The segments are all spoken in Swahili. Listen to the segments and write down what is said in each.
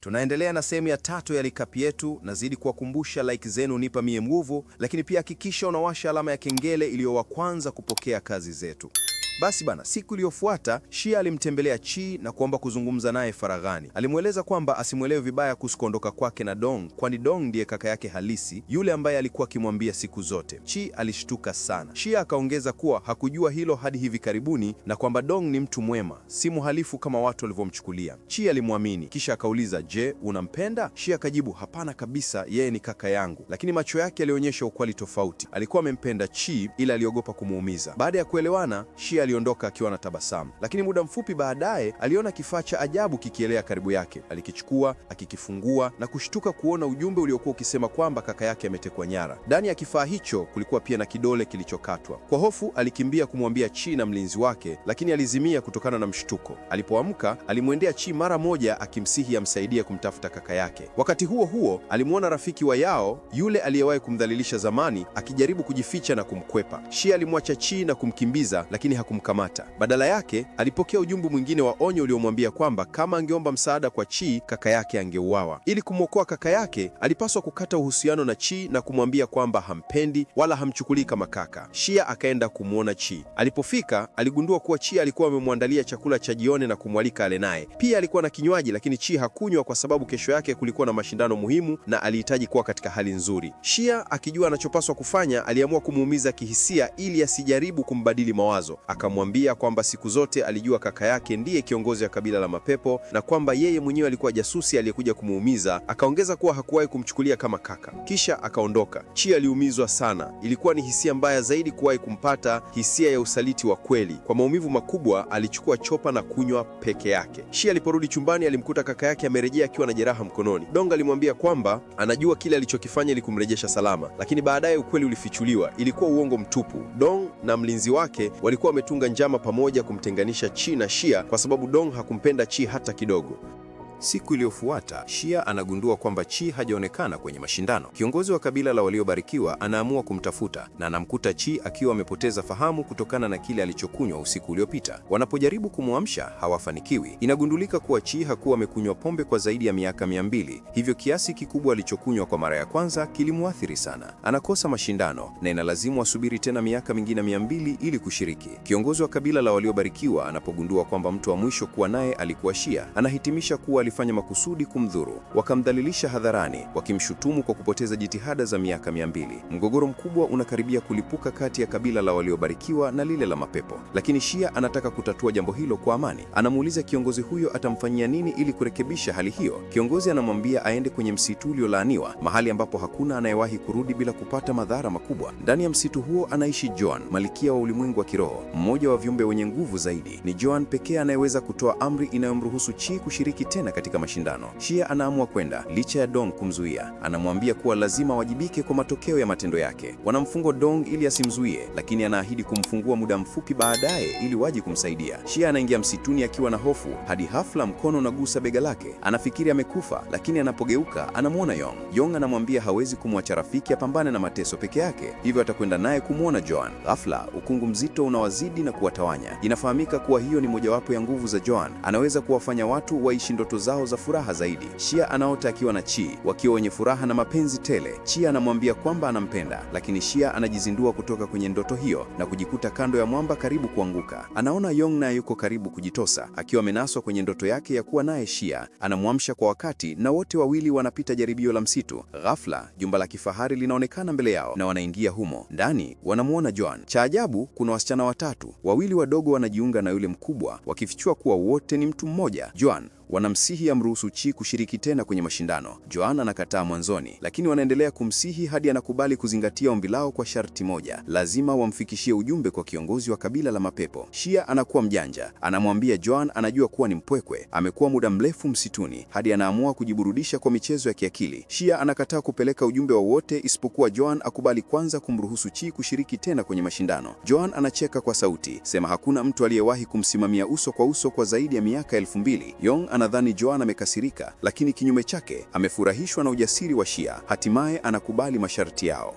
Tunaendelea na sehemu ya tatu ya likapi yetu. Nazidi kuwakumbusha like zenu nipa mie nguvu, lakini pia hakikisha unawasha alama ya kengele iliyo wa kwanza kupokea kazi zetu. Basi bana, siku iliyofuata Shia alimtembelea Chi na kuomba kuzungumza naye faraghani. Alimweleza kwamba asimwelewe vibaya kuhusu kuondoka kwake na Dong, kwani Dong ndiye kaka yake halisi, yule ambaye alikuwa akimwambia siku zote. Chi alishtuka sana. Shia akaongeza kuwa hakujua hilo hadi hivi karibuni na kwamba Dong ni mtu mwema, si mhalifu kama watu walivyomchukulia. Chi alimwamini kisha akauliza, je, unampenda? Shia akajibu, hapana kabisa, yeye ni kaka yangu, lakini macho yake yalionyesha ukweli tofauti. Alikuwa amempenda Chi ila aliogopa kumuumiza. Baada ya kuelewana Shia aliondoka akiwa na tabasamu, lakini muda mfupi baadaye aliona kifaa cha ajabu kikielea karibu yake. Alikichukua, akikifungua na kushtuka kuona ujumbe uliokuwa ukisema kwamba kaka yake ametekwa nyara. Ndani ya kifaa hicho kulikuwa pia na kidole kilichokatwa. Kwa hofu, alikimbia kumwambia Chi na mlinzi wake, lakini alizimia kutokana na mshtuko. Alipoamka, alimwendea Chi mara moja akimsihi amsaidie kumtafuta kaka yake. Wakati huo huo, alimwona rafiki wa Yao, yule aliyewahi kumdhalilisha zamani, akijaribu kujificha na kumkwepa. Shi alimwacha Chi na kumkimbiza, lakini hakum kumkamata. Badala yake alipokea ujumbe mwingine wa onyo uliomwambia kwamba kama angeomba msaada kwa Chi kaka yake angeuawa. Ili kumwokoa kaka yake, alipaswa kukata uhusiano na Chi na kumwambia kwamba hampendi wala hamchukulii kama kaka. Shia akaenda kumwona Chi. Alipofika aligundua kuwa Chi alikuwa amemwandalia chakula cha jioni na kumwalika ale naye. Pia alikuwa na kinywaji, lakini Chi hakunywa kwa sababu kesho yake kulikuwa na mashindano muhimu na alihitaji kuwa katika hali nzuri. Shia akijua anachopaswa kufanya, aliamua kumuumiza kihisia ili asijaribu kumbadili mawazo Aka akamwambia kwamba siku zote alijua kaka yake ndiye kiongozi wa kabila la mapepo na kwamba yeye mwenyewe alikuwa jasusi aliyekuja kumuumiza. Akaongeza kuwa hakuwahi kumchukulia kama kaka, kisha akaondoka. Chi aliumizwa sana, ilikuwa ni hisia mbaya zaidi kuwahi kumpata, hisia ya usaliti wa kweli. Kwa maumivu makubwa, alichukua chopa na kunywa peke yake. shi aliporudi chumbani, alimkuta kaka yake amerejea akiwa na jeraha mkononi. Dong alimwambia kwamba anajua kile alichokifanya ili kumrejesha salama, lakini baadaye ukweli ulifichuliwa, ilikuwa uongo mtupu. Dong na mlinzi wake walikuwa walitunga njama pamoja kumtenganisha Chi na Shia kwa sababu Dong hakumpenda Chi hata kidogo. Siku iliyofuata Shia anagundua kwamba Chi hajaonekana kwenye mashindano. Kiongozi wa kabila la waliobarikiwa anaamua kumtafuta na anamkuta Chi akiwa amepoteza fahamu kutokana na kile alichokunywa usiku uliopita. Wanapojaribu kumwamsha hawafanikiwi. Inagundulika kuwa Chi hakuwa amekunywa pombe kwa zaidi ya miaka mia mbili, hivyo kiasi kikubwa alichokunywa kwa mara ya kwanza kilimwathiri sana. Anakosa mashindano na inalazimu asubiri tena miaka mingine mia mbili ili kushiriki. Kiongozi wa kabila la waliobarikiwa anapogundua kwamba mtu wa mwisho kuwa naye alikuwa Shia, anahitimisha kuwa walifanya makusudi kumdhuru, wakamdhalilisha hadharani, wakimshutumu kwa kupoteza jitihada za miaka mia mbili. Mgogoro mkubwa unakaribia kulipuka kati ya kabila la waliobarikiwa na lile la mapepo, lakini Shia anataka kutatua jambo hilo kwa amani. Anamuuliza kiongozi huyo atamfanyia nini ili kurekebisha hali hiyo. Kiongozi anamwambia aende kwenye msitu uliolaaniwa, mahali ambapo hakuna anayewahi kurudi bila kupata madhara makubwa. Ndani ya msitu huo anaishi Joan, malikia wa ulimwengu wa kiroho, mmoja wa viumbe wenye nguvu zaidi. Ni Joan pekee anayeweza kutoa amri inayomruhusu Chi kushiriki tena katika mashindano. Shia anaamua kwenda licha ya Dong kumzuia. Anamwambia kuwa lazima awajibike kwa matokeo ya matendo yake. Wanamfungo Dong ili asimzuie, lakini anaahidi kumfungua muda mfupi baadaye ili waje kumsaidia. Shia anaingia msituni akiwa na hofu hadi hafla mkono unagusa bega lake. Anafikiri amekufa, lakini anapogeuka anamwona Yong. Yong anamwambia hawezi kumwacha rafiki apambane na mateso peke yake, hivyo atakwenda naye kumwona Joan. Ghafla ukungu mzito unawazidi na kuwatawanya. Inafahamika kuwa hiyo ni mojawapo ya nguvu za Joan, anaweza kuwafanya watu waishi ndoto zao za furaha zaidi. Shia anaota akiwa na Chi wakiwa wenye furaha na mapenzi tele. Chi anamwambia kwamba anampenda, lakini Shia anajizindua kutoka kwenye ndoto hiyo na kujikuta kando ya mwamba karibu kuanguka. Anaona Yong naye yuko karibu kujitosa akiwa amenaswa kwenye ndoto yake ya kuwa naye Shia. Anamwamsha kwa wakati na wote wawili wanapita jaribio la msitu. Ghafla jumba la kifahari linaonekana mbele yao na wanaingia humo. Ndani wanamwona Joan. Cha ajabu, kuna wasichana watatu, wawili wadogo wanajiunga na yule mkubwa wakifichua kuwa wote ni mtu mmoja Joan Wanamsihi amruhusu Chi kushiriki tena kwenye mashindano. Joan anakataa mwanzoni, lakini wanaendelea kumsihi hadi anakubali kuzingatia ombi lao kwa sharti moja: lazima wamfikishie ujumbe kwa kiongozi wa kabila la mapepo. Shia anakuwa mjanja, anamwambia Joan anajua kuwa ni mpwekwe, amekuwa muda mrefu msituni, hadi anaamua kujiburudisha kwa michezo ya kiakili. Shia anakataa kupeleka ujumbe wowote isipokuwa Joan akubali kwanza kumruhusu Chi kushiriki tena kwenye mashindano. Joan anacheka kwa sauti, sema hakuna mtu aliyewahi kumsimamia uso kwa uso kwa zaidi ya miaka elfu mbili. Yong anadhani Joan amekasirika, lakini kinyume chake amefurahishwa na ujasiri wa Shia. Hatimaye anakubali masharti yao.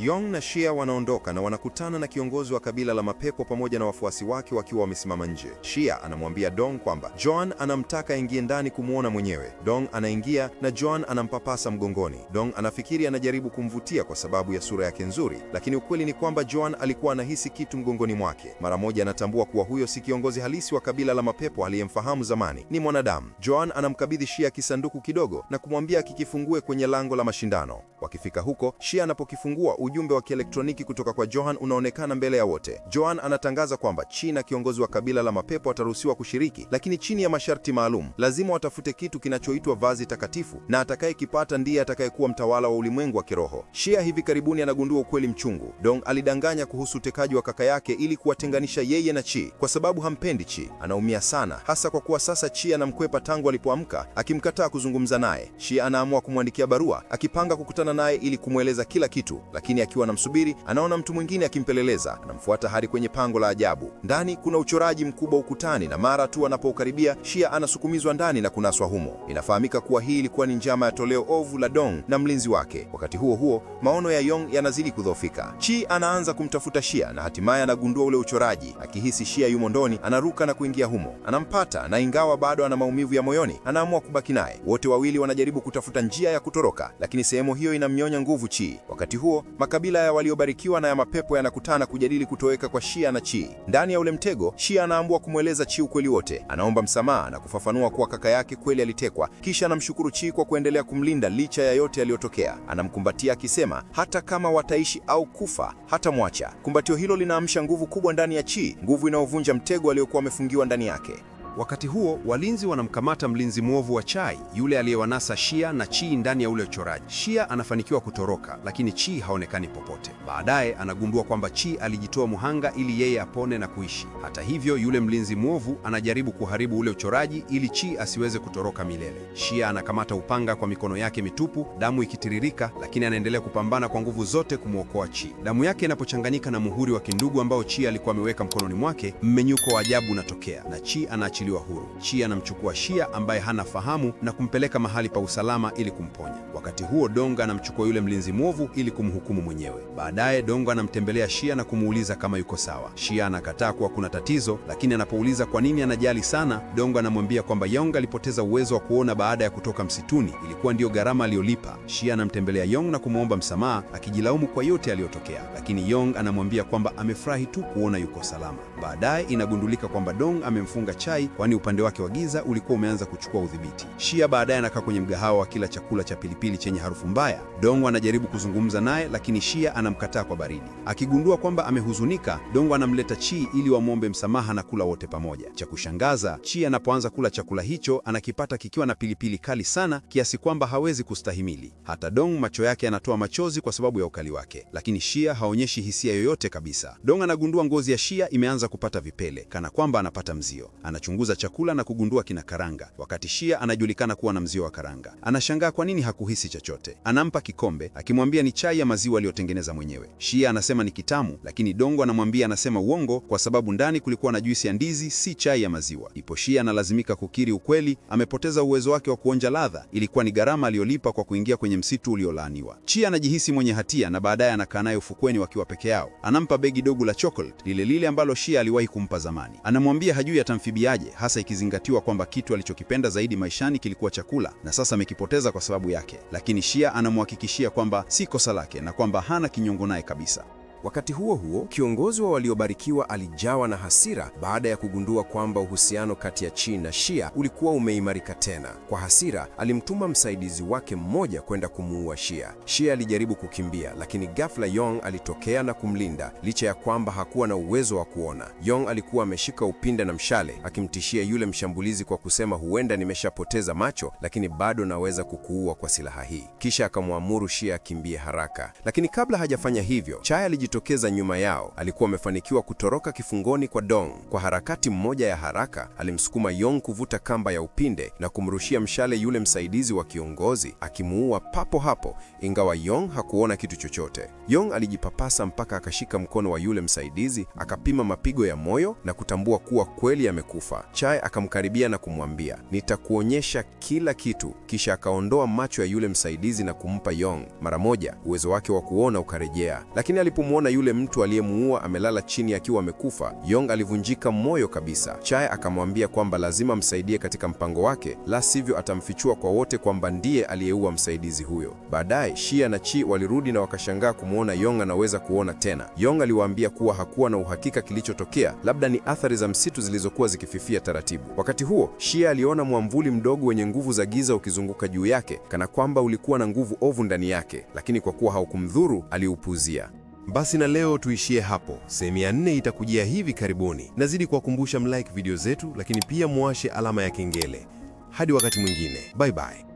Yong na Shia wanaondoka na wanakutana na kiongozi wa kabila la mapepo pamoja na wafuasi wake wakiwa wamesimama nje. Shia anamwambia Dong kwamba Joan anamtaka aingie ndani kumwona mwenyewe. Dong anaingia na Joan anampapasa mgongoni. Dong anafikiri anajaribu kumvutia kwa sababu ya sura yake nzuri, lakini ukweli ni kwamba Joan alikuwa anahisi kitu mgongoni mwake. Mara moja anatambua kuwa huyo si kiongozi halisi wa kabila la mapepo aliyemfahamu zamani, ni mwanadamu. Joan anamkabidhi Shia kisanduku kidogo na kumwambia akikifungue kwenye lango la mashindano. Wakifika huko, Shia anapokifungua ujumbe wa kielektroniki kutoka kwa Johan unaonekana mbele ya wote. Johan anatangaza kwamba China, kiongozi wa kabila la mapepo, ataruhusiwa kushiriki, lakini chini ya masharti maalum. Lazima watafute kitu kinachoitwa vazi takatifu, na atakayekipata ndiye atakayekuwa mtawala wa ulimwengu wa kiroho. Shia hivi karibuni anagundua ukweli mchungu. Dong alidanganya kuhusu utekaji wa kaka yake ili kuwatenganisha yeye na Chi, kwa sababu hampendi Chi. Anaumia sana, hasa kwa kuwa sasa Chi anamkwepa tangu alipoamka, akimkataa kuzungumza naye. Shia anaamua kumwandikia barua, akipanga kukutana naye ili kumweleza kila kitu, lakini mwingine akiwa anamsubiri, anaona mtu mwingine akimpeleleza. Anamfuata hadi kwenye pango la ajabu. Ndani kuna uchoraji mkubwa ukutani, na mara tu anapoukaribia, Shia anasukumizwa ndani na kunaswa humo. Inafahamika kuwa hii ilikuwa ni njama ya toleo ovu la Dong na mlinzi wake. Wakati huo huo, maono ya Yong yanazidi kudhoofika. Chi anaanza kumtafuta Shia na hatimaye anagundua ule uchoraji. Akihisi Shia yumo ndoni, anaruka na kuingia humo. Anampata na ingawa bado ana maumivu ya moyoni, anaamua kubaki naye. Wote wawili wanajaribu kutafuta njia ya kutoroka, lakini sehemu hiyo inamnyonya nguvu Chi. Wakati huo Makabila ya waliobarikiwa na ya mapepo yanakutana kujadili kutoweka kwa Shia na Chi. Ndani ya ule mtego, Shia anaambua kumweleza Chi ukweli wote, anaomba msamaha na kufafanua kuwa kaka yake kweli alitekwa, kisha anamshukuru Chi kwa kuendelea kumlinda licha ya yote yaliyotokea. Anamkumbatia akisema hata kama wataishi au kufa hata mwacha Kumbatio hilo linaamsha nguvu kubwa ndani ya Chi, nguvu inayovunja mtego aliyokuwa amefungiwa ndani yake. Wakati huo walinzi wanamkamata mlinzi mwovu wa Chai, yule aliyewanasa Shia na Chi ndani ya ule uchoraji. Shia anafanikiwa kutoroka, lakini Chi haonekani popote. Baadaye anagundua kwamba Chi alijitoa muhanga ili yeye apone na kuishi. Hata hivyo, yule mlinzi mwovu anajaribu kuharibu ule uchoraji ili Chi asiweze kutoroka milele. Shia anakamata upanga kwa mikono yake mitupu, damu ikitiririka, lakini anaendelea kupambana kwa nguvu zote kumwokoa Chi. Damu yake inapochanganyika na muhuri wa kindugu ambao Chi alikuwa ameweka mkononi mwake, mmenyuko wa ajabu unatokea na Chi anaachilia aachiliwa huru. Chia anamchukua Shia ambaye hana fahamu na kumpeleka mahali pa usalama ili kumponya. Wakati huo Donga anamchukua yule mlinzi mwovu ili kumhukumu mwenyewe. Baadaye Donga anamtembelea Shia na kumuuliza kama yuko sawa. Shia anakataa kuwa kuna tatizo, lakini anapouliza kwa nini anajali sana, Donga anamwambia kwamba Yong alipoteza uwezo wa kuona baada ya kutoka msituni, ilikuwa ndiyo gharama aliyolipa. Shia anamtembelea Yong na kumwomba msamaha, akijilaumu kwa yote aliyotokea, lakini Yong anamwambia kwamba amefurahi tu kuona yuko salama. Baadaye inagundulika kwamba Dong amemfunga Chai kwani upande wake wa giza ulikuwa umeanza kuchukua udhibiti. Shia baadaye anakaa kwenye mgahawa wa kila chakula cha pilipili chenye harufu mbaya. Dongo anajaribu kuzungumza naye, lakini Shia anamkataa kwa baridi. Akigundua kwamba amehuzunika, Dongo anamleta Chi ili wamwombe msamaha na kula wote pamoja. Cha kushangaza, Chi anapoanza kula chakula hicho anakipata kikiwa na pilipili kali sana kiasi kwamba hawezi kustahimili. Hata Dong macho yake yanatoa machozi kwa sababu ya ukali wake, lakini Shia haonyeshi hisia yoyote kabisa. Dong anagundua ngozi ya Shia imeanza kupata vipele kana kwamba anapata mzio. Anachungu anachunguza chakula na kugundua kina karanga, wakati Shia anajulikana kuwa na mzio wa karanga. Anashangaa kwa nini hakuhisi chochote. Anampa kikombe akimwambia ni chai ya maziwa aliyotengeneza mwenyewe. Shia anasema ni kitamu, lakini Dongo anamwambia anasema uongo kwa sababu ndani kulikuwa na juisi ya ndizi, si chai ya maziwa. Ipo Shia analazimika kukiri ukweli, amepoteza uwezo wake wa kuonja ladha. Ilikuwa ni gharama aliyolipa kwa kuingia kwenye msitu uliolaaniwa. Chia anajihisi mwenye hatia na baadaye anakaa naye ufukweni wakiwa peke yao. Anampa begi dogo la chocolate lile lile ambalo Shia aliwahi kumpa zamani. Anamwambia hajui atamfibiaje aje, hasa ikizingatiwa kwamba kitu alichokipenda zaidi maishani kilikuwa chakula na sasa amekipoteza kwa sababu yake. Lakini Shia anamhakikishia kwamba si kosa lake na kwamba hana kinyongo naye kabisa. Wakati huo huo, kiongozi wa waliobarikiwa alijawa na hasira baada ya kugundua kwamba uhusiano kati ya Qin na Shia ulikuwa umeimarika tena. Kwa hasira, alimtuma msaidizi wake mmoja kwenda kumuua Shia. Shia alijaribu kukimbia, lakini ghafla Yong alitokea na kumlinda, licha ya kwamba hakuwa na uwezo wa kuona. Yong alikuwa ameshika upinde na mshale, akimtishia yule mshambulizi kwa kusema, huenda nimeshapoteza macho, lakini bado naweza kukuua kwa silaha hii. Kisha akamwamuru Shia akimbie haraka, lakini kabla hajafanya hivyo, Chai kujitokeza nyuma yao alikuwa amefanikiwa kutoroka kifungoni kwa Dong. Kwa harakati mmoja ya haraka, alimsukuma Yong kuvuta kamba ya upinde na kumrushia mshale yule msaidizi wa kiongozi, akimuua papo hapo, ingawa Yong hakuona kitu chochote. Yong alijipapasa mpaka akashika mkono wa yule msaidizi, akapima mapigo ya moyo na kutambua kuwa kweli amekufa. Chai akamkaribia na kumwambia, nitakuonyesha kila kitu, kisha akaondoa macho ya yule msaidizi na kumpa Yong. Mara moja uwezo wake wa kuona ukarejea, lakini alipomwona Alipomwona yule mtu aliyemuua amelala chini akiwa amekufa, Yong alivunjika moyo kabisa. Chae akamwambia kwamba lazima msaidie katika mpango wake, la sivyo atamfichua kwa wote kwamba ndiye aliyeua msaidizi huyo. Baadaye Shia na Chi walirudi na wakashangaa kumwona Yong anaweza kuona tena. Yong aliwaambia kuwa hakuwa na uhakika kilichotokea, labda ni athari za msitu zilizokuwa zikififia taratibu. Wakati huo Shia aliona mwamvuli mdogo wenye nguvu za giza ukizunguka juu yake, kana kwamba ulikuwa na nguvu ovu ndani yake, lakini kwa kuwa haukumdhuru aliupuzia. Basi na leo tuishie hapo. Sehemu ya nne itakujia hivi karibuni. Nazidi kuwakumbusha mlike video zetu, lakini pia muwashe alama ya kengele. Hadi wakati mwingine, bye bye.